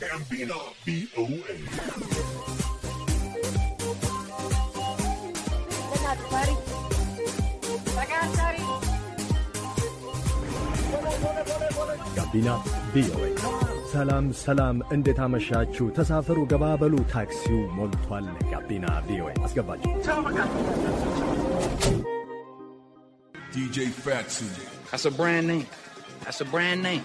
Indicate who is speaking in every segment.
Speaker 1: ጋቢና ቪኦኤ
Speaker 2: ጋቢና ቪኦኤ። ሰላም ሰላም፣ እንዴት አመሻችሁ? ተሳፈሩ፣ ገባበሉ፣ ታክሲው ሞልቷል። ጋቢና ቪኦኤ አስገባችሁ።
Speaker 3: DJ Fatsu. That's a brand name. That's a brand name.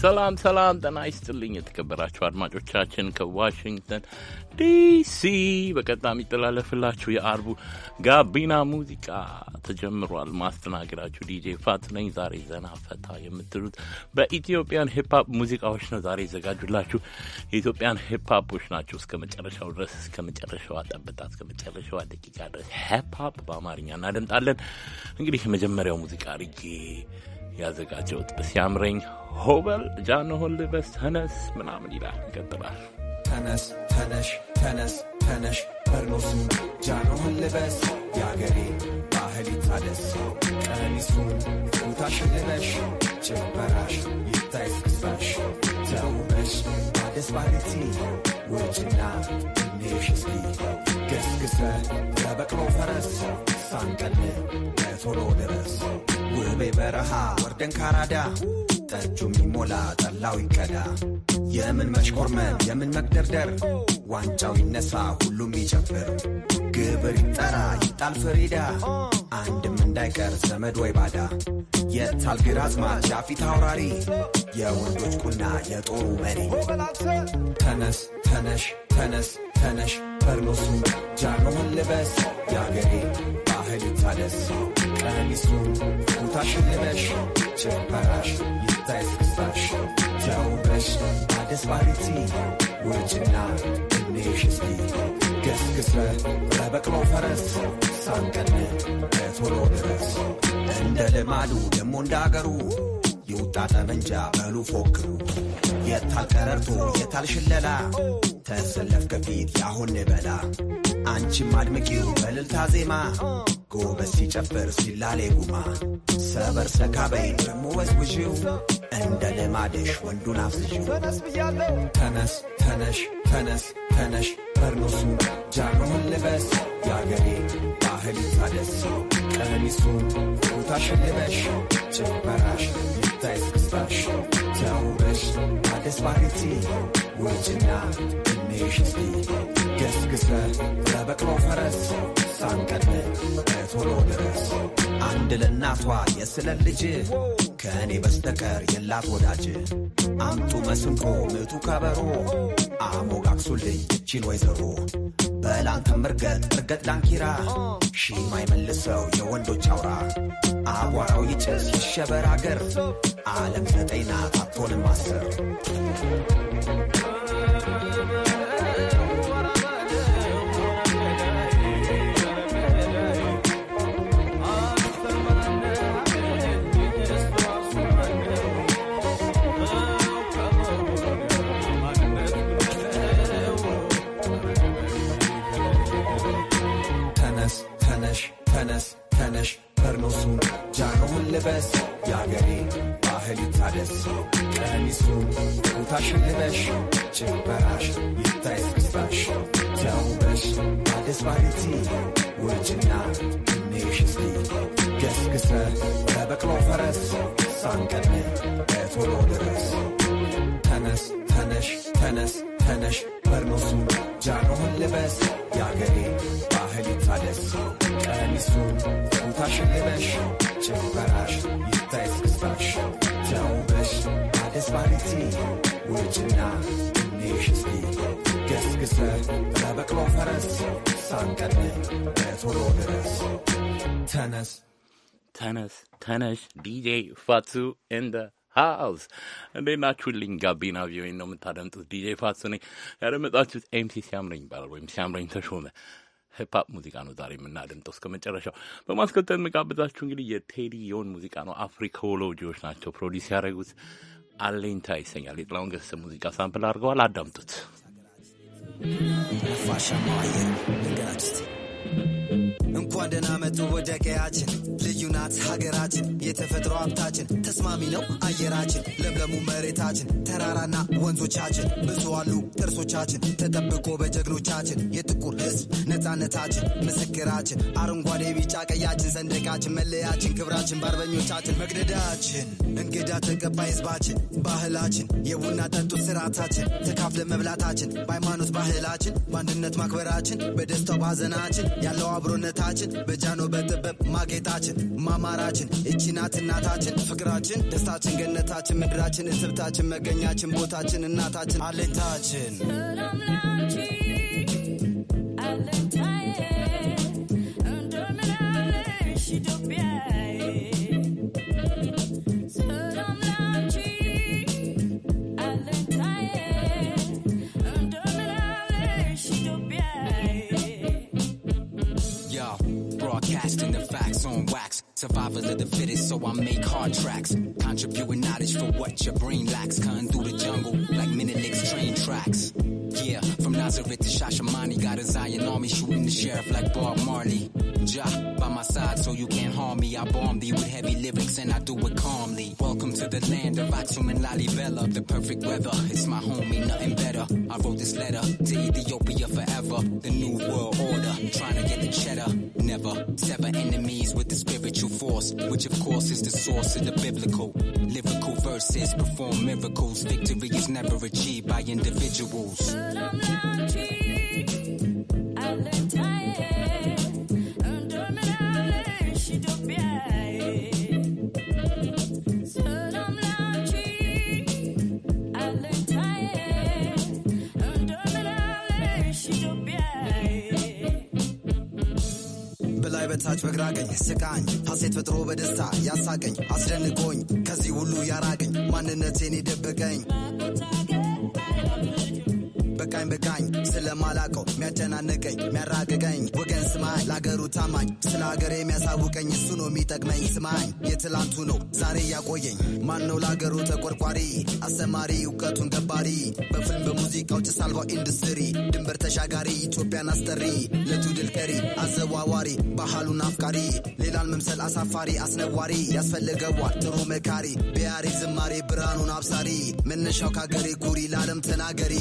Speaker 4: ሰላም ሰላም፣ ጤና ይስጥልኝ የተከበራችሁ አድማጮቻችን ከዋሽንግተን ዲሲ በቀጥታ የሚተላለፍላችሁ የአርቡ ጋቢና ሙዚቃ ተጀምሯል። ማስተናገዳችሁ ዲጄ ፋት ነኝ። ዛሬ ዘና ፈታ የምትሉት በኢትዮጵያን ሂፕሀፕ ሙዚቃዎች ነው። ዛሬ የዘጋጁላችሁ የኢትዮጵያን ሂፕሀፖች ናቸው። እስከ መጨረሻው ድረስ እስከ መጨረሻዋ ጠብታ እስከ መጨረሻዋ ደቂቃ ድረስ ሂፕሀፕ በአማርኛ እናደምጣለን። እንግዲህ የመጀመሪያው ሙዚቃ ርጌ ያዘጋጀውት ሲያምረኝ ሆበል ጃንሆን ልበስ ተነስ ምናምን ይላል። ይቀጥላል።
Speaker 1: ተነስ ተነሽ ተነስ ተነሽ በርኖሱ ጃንሆን ልበስ የአገሬ ባህል ይታደስ ቀሚሱን ቁምጣሽን ልበሽ ጭፈራሽ ይታይ ስክስባሽ ተውበሽ disparity ውርጅና ኔሽስሊ ገስግሰ ለበቅሎ ፈረስ ሳንቀን ለቶሎ ድረስ ውቤ በረሃ ወርደን ካራዳ ጠጁ የሚሞላ ጠላው ይቀዳ የምን መሽቆርመም የምን መግደርደር ዋንጫው ይነሳ ሁሉም ይጨፍር፣ ግብር ይጠራ ይጣል ፍሪዳ፣ አንድም እንዳይቀር ዘመድ ወይ ባዳ። የታል ግራዝማች ፊት አውራሪ፣ የወንዶች ቁና የጦሩ መሪ። ተነስ ተነሽ ተነስ ተነሽ፣ በርኖሱን ጃኖሆን ልበስ፣ የአገሬ ባህል ይታደስ። ቀሚሱን ኩታሽን ልበሽ፣ ጭበራሽ ይታይ ስክሳሽ። ተውበሽ አደስ ባሪቲ ውጭና ልጅሽ እስኪ ገስግሰ በበቅሎ ፈረስ ሳንቀን በቶሎ ድረስ። እንደ ልማዱ ደሞ እንዳገሩ የውጣ ጠመንጃ በሉ ፎክሩ። የታል ቀረርቶ የታል ሽለላ ተሰለፍ ከፊት ያሁን በላ አንቺም አድምቂው በልልታ ዜማ ጎበዝ ሲጨፍር ሲላሌ ጉማ ሰበር ሰካበይ ደሞ ወዝውዥው እንደ ልማድሽ ወንዱን አፍዝዥው ተነስ ተነሽ ተነስ ተነሽ በርኖሱን ጃኖን ልበስ የአገሬ ባህል ታደስ ቀሚሱን ኩታሽን ልበሽ ጭፈራሽ ይታይ ስክስታሽ ተውበሽ አደስ ባሪቲ ወርጅና እኔሽ እስቲ ገስግሰ በበቅሎ ፈረስ ሳንቀድ ቶሎ ድረስ አንድ ለእናቷ የስለ ልጅ ከእኔ በስተቀር የላት ወዳጅ አምጡ መስንቆ ምቱ ከበሮ አሞጋግሱልኝ ቺን ወይዘሮ በላንተም እርገጥ እርገጥ ዳንኪራ ሺ አይመልሰው የወንዶች አውራ አቧራው ይጭስ ይሸበር አገር ዓለም ዘጠኝ ናት አትሆንም አስር
Speaker 4: ተነስ ተነስ ተነሽ ዲጄ ፋቱ እንደ ሀውስ እንዴት ናችሁልኝ? ጋቢና ቪኦኤ ነው የምታደምጡት። ዲጄ ፋቱ ነኝ። ያደመጣችሁት ኤምሲ ሲያምረኝ ይባላል ወይም ሲያምረኝ ተሾመ ሂፓፕ ሙዚቃ ነው ዛሬ የምናደምጠው እስከ መጨረሻው። በማስከተል መቃበዛችሁ እንግዲህ የቴዲ ዮን ሙዚቃ ነው። አፍሪኮሎጂዎች ናቸው ፕሮዲስ ያደረጉት። አለኝታ ይሰኛል። የጥላሁን ገሰሰ ሙዚቃ ሳምፕል አድርገዋል። አዳምጡት።
Speaker 3: Faixa Maia, enganaste-te. እንኳን ደህና መጡ ወደ ቀያችን። ልዩ ናት ሀገራችን፣ የተፈጥሮ ሀብታችን። ተስማሚ ነው አየራችን፣ ለምለሙ መሬታችን፣ ተራራና ወንዞቻችን። ብዙ አሉ ጥርሶቻችን፣ ተጠብቆ በጀግኖቻችን። የጥቁር ሕዝብ ነፃነታችን፣ ምስክራችን። አረንጓዴ ቢጫ ቀያችን፣ ሰንደቃችን፣ መለያችን፣ ክብራችን፣ በአርበኞቻችን መግደዳችን። እንግዳ ተቀባይ ሕዝባችን፣ ባህላችን፣ የቡና ጠጡት ስርዓታችን፣ ተካፍለ መብላታችን፣ በሃይማኖት ባህላችን፣ በአንድነት ማክበራችን፣ በደስታው ባዘናችን ያለው አብሮነት ነታችን በጃኖ በጥበብ ማጌጣችን ማማራችን እቺናት እናታችን ፍቅራችን ደስታችን ገነታችን ምድራችን እስብታችን መገኛችን ቦታችን እናታችን አለታችን Survival of the fittest, so I make hard tracks. Contributing knowledge for what your brain lacks. Cutting through the jungle like Minilix train tracks. Yeah, from Nazareth to Shashamani, got a Zion army shooting the sheriff like Bob Marley. Ja, by my side so you can't harm me. I bomb thee with heavy lyrics and I do it calmly. Welcome to the land of Atum and Lalibela, the perfect weather. It's my homie, nothing better. I wrote this letter to Ethiopia forever. The new world order, trying to get the cheddar. Never sever enemies with the spiritual force, which of course is the source of the biblical. Lyrical verses perform miracles. Victory is never achieved by individuals. በታች በግራ ቀኝ ስቃኝ ሀሴት ፈጥሮ በደስታ ያሳቀኝ አስደንቆኝ ከዚህ ሁሉ ያራቀኝ ማንነቴን የደበቀኝ በቃኝ በቃኝ ስለማላቀው የሚያጨናንቀኝ የሚያራቅቀኝ ወገን ስማኝ ለአገሩ ታማኝ ስለ ሀገሬ የሚያሳውቀኝ እሱ ነው የሚጠቅመኝ ስማኝ የትላንቱ ነው ዛሬ እያቆየኝ ማን ነው ለአገሩ ተቆርቋሪ አስተማሪ እውቀቱን ገባሪ በፊልም በሙዚቃው ጭስ አልባው ኢንዱስትሪ ድንበር ተሻጋሪ ኢትዮጵያን አስጠሪ ለትውልድ ቀሪ አዘዋዋሪ ባህሉን አፍቃሪ ሌላን መምሰል አሳፋሪ አስነዋሪ ያስፈልገዋል ጥሩ መካሪ ቢያሪ ዝማሬ ብርሃኑን አብሳሪ መነሻው ከአገሬ ጉሪ ለዓለም ተናገሪ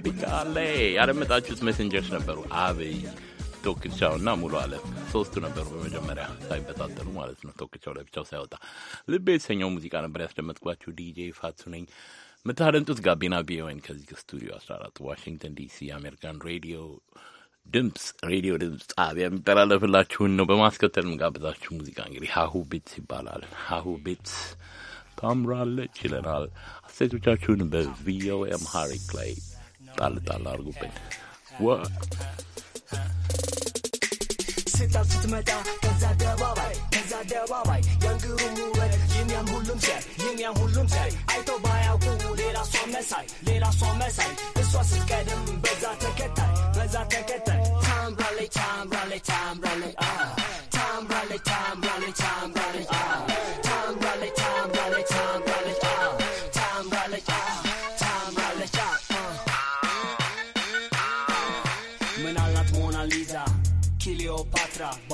Speaker 4: አሜሪካ ያደመጣችሁት ሜሴንጀርስ ነበሩ። አብይ ቶክቻው እና ሙሉ አለም ሶስቱ ነበሩ። በመጀመሪያ ሳይበታተሉ ማለት ነው። ቶክቻው ለብቻው ሳይወጣ ልብ የተሰኘው ሙዚቃ ነበር ያስደመጥኳችሁ። ዲጄ ፋቱ ነኝ። የምታደምጡት ጋቢና ቪኦኤን ከዚህ ከስቱዲዮ 14 ዋሽንግተን ዲሲ የአሜሪካን ሬዲዮ ድምፅ ሬዲዮ ድምፅ ጣቢያ የሚጠላለፍላችሁን ነው። በማስከተል ምጋብዛችሁ ሙዚቃ እንግዲህ ሀሁ ቤትስ ይባላል። ሀሁ ቤትስ ታምራለች ይለናል። አስተያየቶቻችሁን በቪኦኤ አምሃሪክ ላይ ጣል ጣል አድርጉብኝ።
Speaker 5: ስታር ስትመጣ ከዛ አደባባይ ከዛ አደባባይ ውበት
Speaker 2: ሁሉም ሲያይ ሁሉም ሲያይ አይተው ባያውቁ ሌላ ሷ መሳይ ሌላ ሷ መሳይ እሷ ስትቀድም በዛ ተከታይ በዛ ተከታይ ታምራለች ታምራለች ታምራለች ታምራለች ታምራለች ታምራለች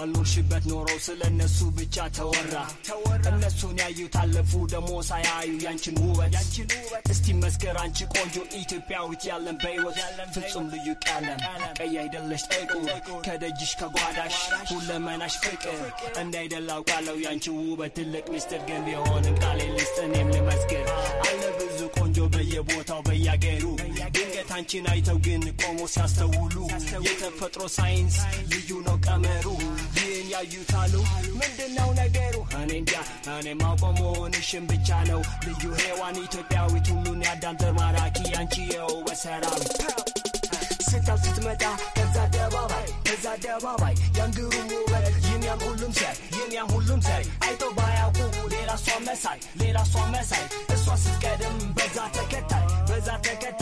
Speaker 2: ባሉሽበት ኖሮ ስለ እነሱ ብቻ ተወራ እነሱን ያዩ ታለፉ ደሞ ሳያዩ ያንችን ውበት እስቲ መስከር አንቺ ቆንጆ ኢትዮጵያዊት ያለን በሕይወት ፍጹም ልዩ ቀለም ቀይ አይደለሽ ጥቁር ከደጅሽ ከጓዳሽ ሁለመናሽ ፍቅር እንዳይደላ አውቃለሁ ያንቺ ውበት ትልቅ ምስጢር ግን ቢሆንም ቃሌ ልስጥ እኔም ልመስክር አለ ብዙ ቆንጆ በየቦታው በያገሩ ድንገት አንቺን አይተው ግን ቆሞ ሲያስተውሉ የተፈጥሮ ሳይንስ ልዩ ነው ቀመሩ ይህን ያዩታሉ ምንድነው ነገሩ እኔ እንዲያ እኔ ማውቀው መሆንሽን ብቻ ነው ልዩ ሔዋን ኢትዮጵያዊት ሁሉን ያዳንተር ማራኪ አንቺ የው በሰራም ስታው ስትመጣ ከዛ አደባባይ ከዛ አደባባይ ያንግሩ ውበት ይንያም ሁሉም ሳይ ይንያም ሁሉም ሳይ አይቶ ባያውቁ ሌላ እሷ መሳይ ሌላ እሷ መሳይ እሷ ስትቀድም በዛ ተከታይ በዛ ተከታይ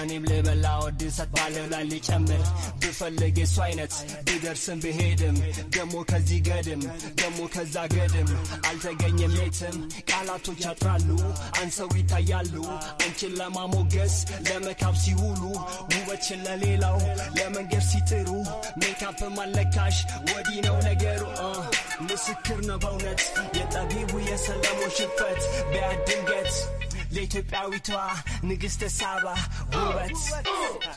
Speaker 2: እኔም ልበላ ወድሳት ባለው ላይ ሊጨምር ብፈልግ የሱ አይነት ብደርስም ብሄድም ደሞ ከዚህ ገድም ደሞ ከዛ ገድም አልተገኘም የትም። ቃላቶች ያጥራሉ፣ አንሰው ይታያሉ። አንቺን ለማሞገስ ለመካብ ሲውሉ ውበችን ለሌላው ለመንገድ ሲጥሩ ሜካፕ ማለካሽ ወዲህ ነው ነገሩ። ምስክር ነው በእውነት የጠቢቡ የሰለሞ ሽፈት ። ቢያድንገት ለኢትዮጵያዊቷ ንግሥተ ሳባ ውበት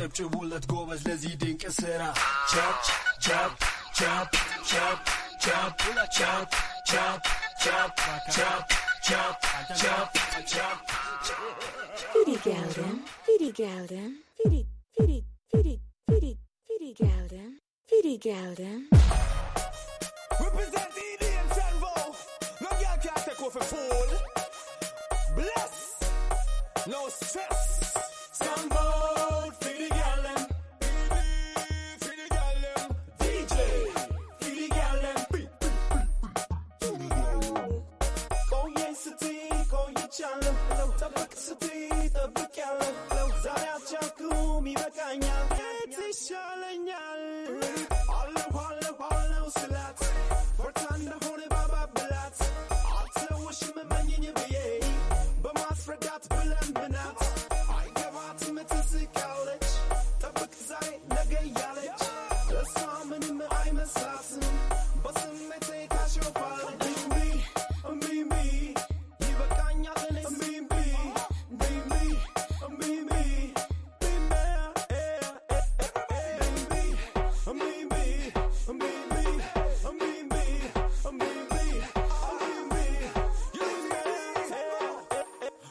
Speaker 2: አጨብጭቡለት ጎበዝ ለዚህ ድንቅ ስራ ቻፕ ቻፕ ቻፕ ቻፕ ቻፕ ቻፕ ቻፕ ቻፕ ቻፕ
Speaker 6: ቻፕ ቻፕ ቻፕ Fidi Galden, Fidi Galden, Fidi, Fidi, Fidi, Fidi, Fidi
Speaker 5: EDM Sanvo, no girl can take off a fool. Bless, no stress, Sanvo.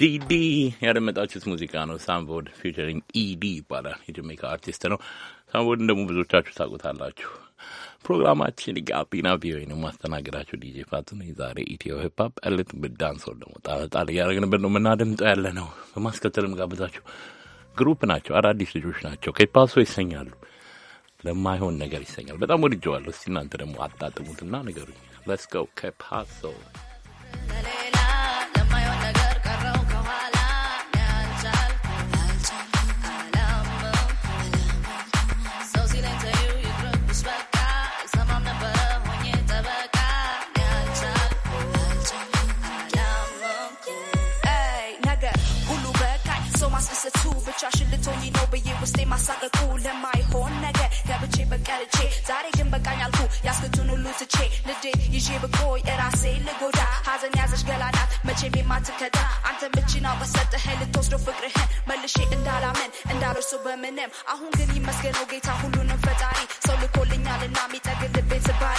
Speaker 4: ዲዲ ያደመጣችሁት ሙዚቃ ነው። ሳምቦድ ፊቸሪንግ ኢዲ ይባላል። የጀሜካ አርቲስት ነው። ሳምቦድን ደግሞ ብዙዎቻችሁ ታውቁታላችሁ። ፕሮግራማችን ጋቢና ቪኦኤ ነው። ማስተናገዳችሁ ዲጄ ፋቱ ነው። የዛሬ ኢትዮ ሂፓፕ ዕለት ብዳንስ ደግሞ ጣለጣል እያደረግንበት ነው የምናደምጠው ያለ ነው። በማስከተልም ጋብዛችሁ ግሩፕ ናቸው። አዳዲስ ልጆች ናቸው። ከፓሶ ይሰኛሉ። ለማይሆን ነገር ይሰኛሉ። በጣም ወድጀዋለሁ። እስቲ እናንተ ደግሞ አጣጥሙትና ነገሩኝ። ለስቀው ከፓሶ
Speaker 7: ውስጤ ማሳቀቁ ለማይሆን ነገር ገብቼ በቀልቼ ዛሬ ግን በቃኝ አልኩ ያስክቱን ሁሉ ትቼ ልዴ ይዤ ብቆይ እራሴ ልጎዳ ሀዘን ያዘሽ ገላናት መቼም የማትከዳ አንተ ምችና በሰጥህ ልትወስዶ ፍቅርህን መልሼ እንዳላምን እንዳልርሱ በምንም አሁን ግን ይመስገነው ጌታ ሁሉንም ፈጣሪ ሰው ልኮልኛልና የሚጠግል ልቤ ስባሪ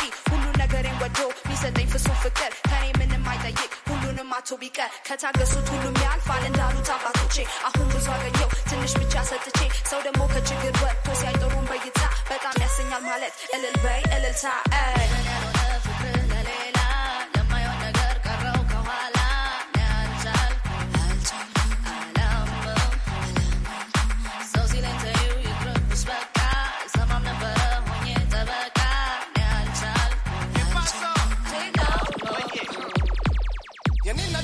Speaker 7: ተሰናብቶ ቢቀር ከታገሱት ሁሉም ያልፋል እንዳሉት አባቶቼ አሁን ብዙ አገኘው ትንሽ ብቻ ሰጥቼ ሰው ደግሞ ከችግር ወጥቶ ሲያይጠሩን በይታ በጣም ያሰኛል ማለት እልል በይ እልልታ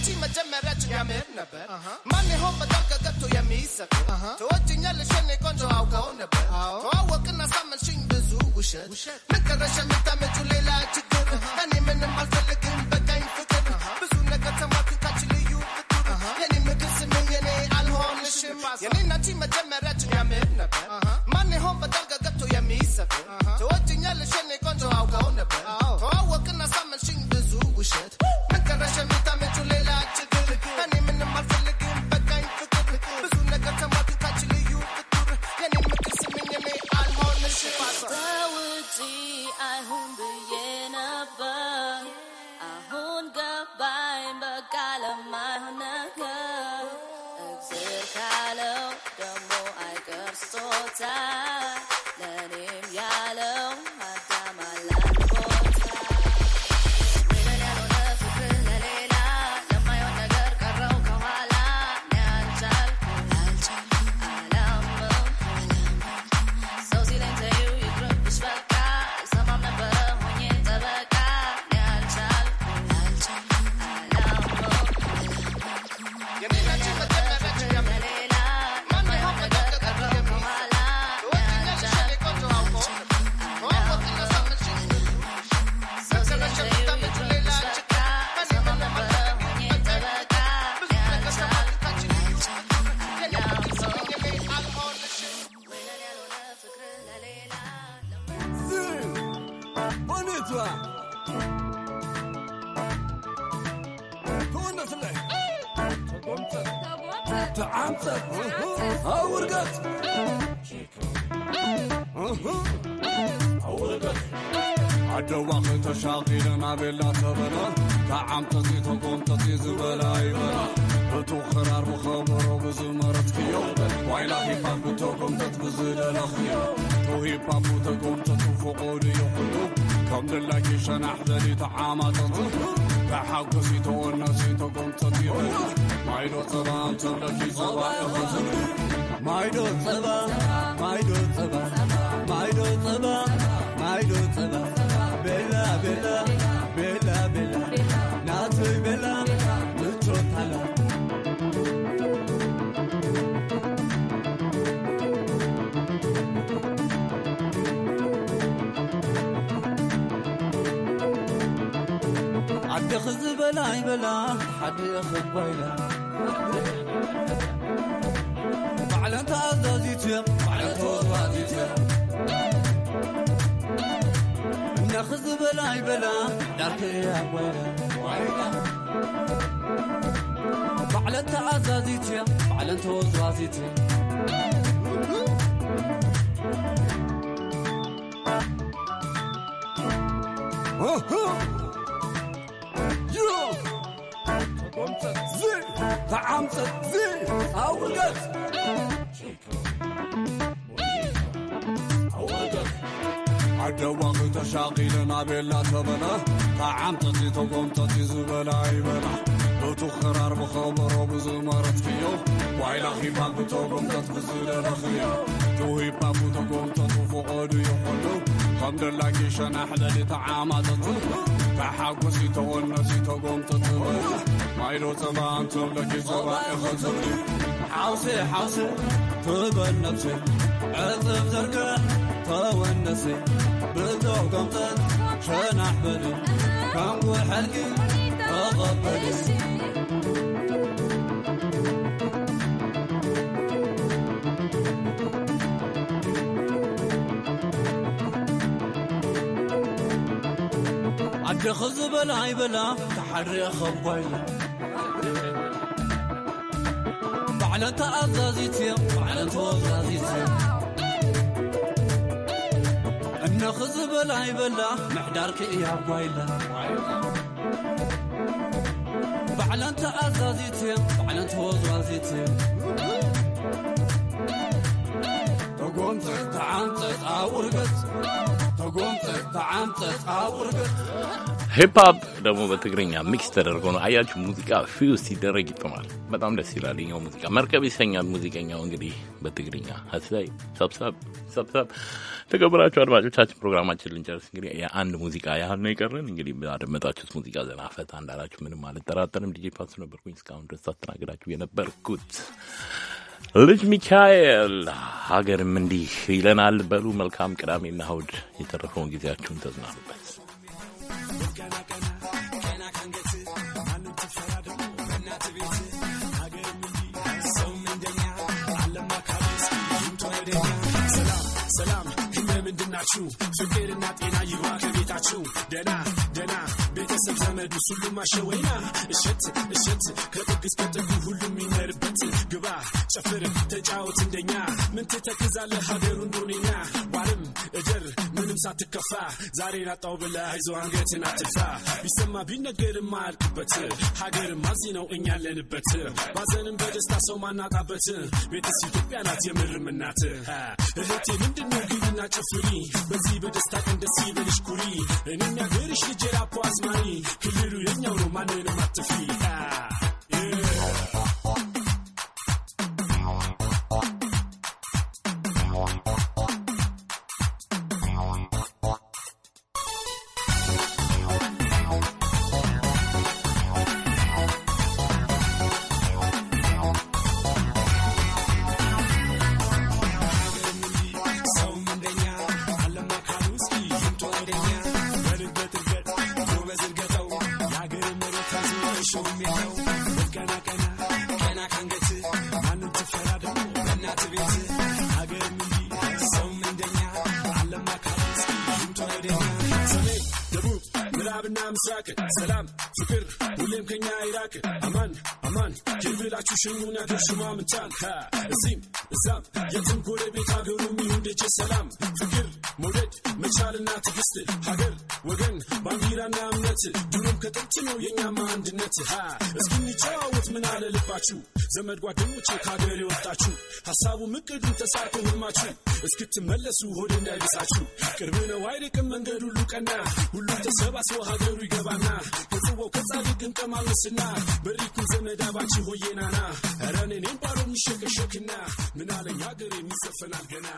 Speaker 7: አንቺ
Speaker 3: መጀመሪያ ችኛ መሄድ ነበር ማን ይሆን በጣም ከገብቶ የሚሰጥ ተወጅኛለሽ የኔ ቆንጆ አውቀው ነበር ተዋወቅና ሳመንሽኝ ብዙ ውሸት ምን ቀረሽ ሌላ ችግር እኔ ምንም አልፈልግም በቃኝ ፍቅር ብዙ ነገር
Speaker 6: عتب ها ورقت ورقت
Speaker 2: عد وقت شاقيل ما بلا تبرا تعم تزي تقوم تزي زبلا يبرا بتو خرار وخبر وبزمرت كيو وايلا هيب هاب تقوم تتبزل الاخيو تو هيب هاب تقوم تتوفقوني يخدو كم لله شنح ذلي تعامة تطلب ከሓቂ ሲተወነ ዘይተቆምፀትዮ ማይዶ ፀባ እንተለኪ ፀባ ይኸዝ ማይዶ ፀባ ማይዶ ፀባ ማይዶ ፀባ ማይዶ ፀባ ቤላ ቤላ 我喝西北来，西北，他的人喝白了。我喝两趟，到底甜。我喝两趟，到底甜。我喝西北来，来，西北。我喝两趟，到底甜。我喝两趟，到底
Speaker 6: 甜。啊哈！يو صدمتك
Speaker 2: زي طعمتك
Speaker 6: زي عودت
Speaker 2: عدوانك شاقيلنا بلا ثمنا طعمتك تقومتك زبلا عيبنا بتو خرار بخبر وبزمرت فيو وايلا خيبا بتو قمتك بزلنا خيو تو هيبا بتو قمتك وفقد يخلو فضل ላጊሸን ኣሕለሊ ተዓማጠት ካሓጐሲ ተወነሲ ተጐምጥት ማይሎ ጸባ እንትብለኪ ጸባ ኢኸጽብሊ ሓውሲ ሓውሲ ትበል ነፍሲ ዕጥብ ዘርግዕ ተወነሲ ብዶብ ገምጠት ሸናሕበሊ ከምዊ ሕልጊ ተቐበሊ فكر خذ بلعي بلع تحري خبل بعلا تأذى زيتي بعلا توضى زيتي أنا خذ بلعي بلع محدارك إيا بويلة بعلا تأذى زيتي بعلا توضى زيتي
Speaker 5: تقوم تقطع تقطع ورقت تقوم تقطع
Speaker 4: ሂፕሀፕ ደግሞ በትግርኛ ሚክስ ተደርጎ ነው። አያችሁ ሙዚቃ ፊውስ ሲደረግ ይጥማል። በጣም ደስ ይላል። ኛው ሙዚቃ መርከብ ይሰኛል። ሙዚቀኛው እንግዲህ በትግርኛ ሀሳይ ሰብሰብ ሰብሰብ። ተከብራችሁ አድማጮቻችን ፕሮግራማችን ልንጨርስ እንግዲህ የአንድ ሙዚቃ ያህል ነው የቀረን። እንግዲህ ባደመጣችሁት ሙዚቃ ዘና ፈታ እንዳላችሁ ምንም አልጠራጠርም። ዲጄ ፓሱ ነበርኩኝ እስካሁን ድረስ አስተናግዳችሁ የነበርኩት ልጅ ሚካኤል ሀገርም እንዲህ ይለናል። በሉ መልካም ቅዳሜና እሑድ፣ የተረፈውን ጊዜያችሁን ተዝናኑበት።
Speaker 5: ሰላም ምንድናችሁ ፍቅርና ጤና ይግባ ከቤታችሁ ደና ደና ቤተሰብ ዘመድ ሁሉም አሸወና እሸት እሸት ከጥግ እስከ ጥግ ሁሉም ይነርበት ግባ ጨፍር ተጫወት እንደኛ ምን ትተክዛለህ ሀገሩ ኑኔና ዋርም እደር ምንም ሳትከፋ ዛሬ አጣው ብላ ይዞ አንገትን አትፋ ቢሰማ ቢነገርም አያልቅበት ሀገር ማዚ ነው እኛ ያለንበት ባዘንም በደስታ ሰው ማናጣበት ቤትስ ኢትዮጵያ ናት የምርም እናት እህቴ ምንድነው ግቢና ጭፍሪ በዚህ በደስታ ቀን ደስ ይበልሽ ኩሪ እኔም ልጄ ራፖ አዝማሪ ክልሉ የኛው ነው ማንንም አትፍሪ ምዕራብና ምስራቅ ሰላም ፍቅር ሁሌም ከኛ ይራቅ አማን አማን የብላችሁ ሽኑ ነገር ሽማምንታን እዚህም እዛም የትም ጎረቤት ሀገሩም ይሁን ደጀ ሰላም ፍቅር መውደድ መቻልና ትግስት ሀገር ወገን ባንዲራና እውነት ድሮም ከጥንት ነው የእኛም አንድነት እስኪሚጫወት ምን አለ ልባችሁ ዘመድ ጓደኞቼ ከሀገር የወጣችሁ ሀሳቡም ምቅድ ተሳርቶ ህልማችሁ እስክትመለሱ ሆድ እንዳይብሳችሁ ቅርብ ነው አይርቅም መንገድ ሁሉ ቀና ሁሉ ተሰባስቦ ሀገሩ ይገባና ከጽዋው ከጻድቅ እንቀማለስና በሪኩ ዘመድ አባች ሆየናና ረኔኔም ባሮ ምን ምናለኝ ሀገር የሚዘፈናል ገና